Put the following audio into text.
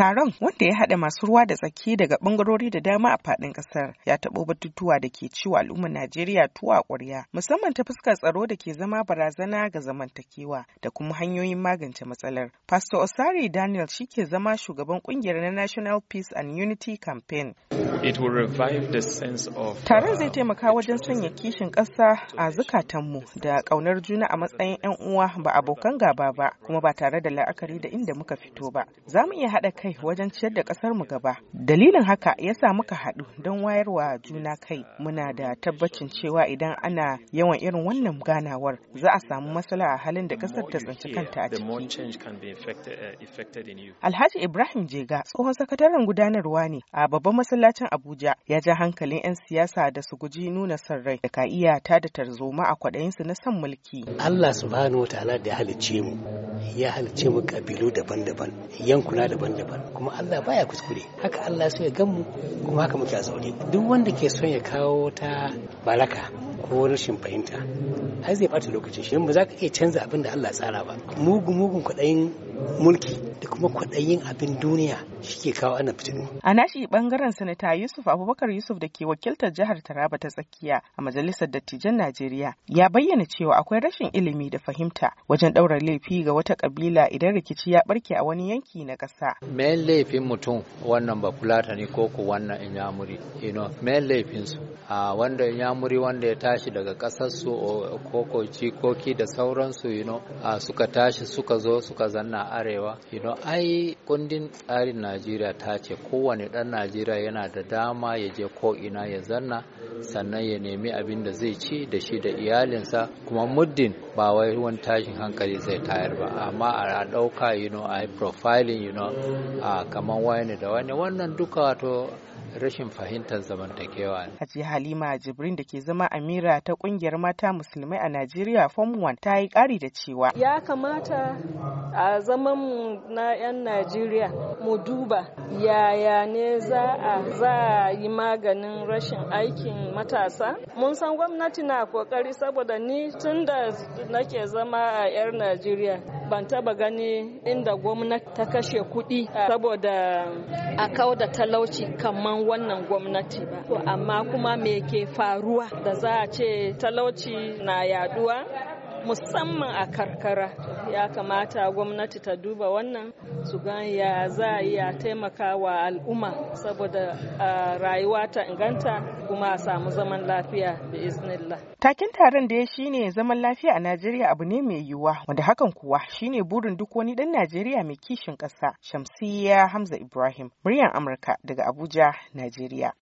Taron wanda ya haɗa masu ruwa da tsaki daga ɓangarori da dama a faɗin ƙasar ya taɓo batutuwa da ke ciwo al'ummar Najeriya tuwa ƙwarya musamman ta fuskar tsaro da ke zama barazana ga zamantakewa da kuma hanyoyin magance matsalar. Pastor Osari Daniel shi ke zama shugaban ƙungiyar na National Peace and Unity Campaign. It Taron zai uh, taimaka wajen sanya kishin ƙasa a zukatanmu da ƙaunar juna a matsayin 'yan uwa ba abokan gaba ba kuma ba tare da la'akari da inda muka fito ba. Za mu iya haɗa kai kai wajen ciyar da ƙasarmu gaba. Dalilin haka ya sa muka haɗu don wayarwa juna kai. Muna da tabbacin cewa idan ana yawan irin wannan ganawar za a samu matsala a halin da ƙasar ta tsinci kanta a ciki. Alhaji Ibrahim Jega tsohon sakataren gudanarwa ne a babban masallacin Abuja ya ja hankalin 'yan siyasa da su guji nuna son rai da ka iya ta da tarzoma a kwaɗayinsu na son mulki. Allah subhanahu wa ta'ala da ya halicce mu ya halicce mu kabilu daban-daban yankuna daban-daban kuma Allah baya kuskure haka Allah so ya gamu kuma haka muke a zaune duk wanda ke son ya kawo ta balaka ko rashin fahimta ai zai bata lokacin shi ba za ka iya canza abin da Allah tsara ba mugu mugun kwaɗayin mulki da kuma kwaɗayin abin duniya shi ke kawo ana fitinu. A nashi bangaren sanata Yusuf Abubakar Yusuf da ke wakiltar jihar Taraba ta tsakiya a majalisar dattijan Najeriya ya bayyana cewa akwai rashin ilimi da fahimta wajen ɗaura laifi ga wata ƙabila idan rikici ya barke a wani yanki na ƙasa. Mai laifin mutum wannan ba kula ta ne ko ku wannan in ya muri, ino mai laifin su a wanda muri wanda ya tashi daga ƙasar su ko ko da sauransu ino suka tashi suka zo suka zanna arewa you ai kundin tsarin najeriya ta ce kowane dan najeriya yana da dama ya je ko ina ya zanna sannan ya nemi abin da zai ci da shi da iyalinsa kuma muddin ba wai wani tashin hankali zai tayar ba amma a ɗauka you know ai profiling you know a kamar wani da wani wannan duka wato rashin fahimtar zamantakewa ne. Halima Jibrin da ke zama Amira ta kungiyar mata musulmai a Najeriya Form 1 ta yi ƙari da cewa. Ya kamata a zaman mu na 'yan Najeriya mu duba yaya ne za a za a yi maganin rashin aikin matasa. Mun san gwamnati na kokari saboda ni tun da nake zama a 'yar Najeriya ban taba gani inda gwamnati ta kashe kuɗi saboda a kau da talauci kamar wannan gwamnati ba amma kuma me ke faruwa da za a ce talauci na yaduwa musamman a karkara ya kamata gwamnati ta duba wannan su gan ya za a iya taimaka wa al'umma saboda rayuwa ta inganta kuma a samu zaman lafiya da iznilla. Takin taron da ya shine zaman lafiya a Najeriya abu ne mai yiwuwa wanda hakan kuwa shine burin duk wani ɗan Najeriya mai kishin ƙasa. Shamsiyya Hamza Ibrahim, muryar Amurka daga Abuja, Najeriya.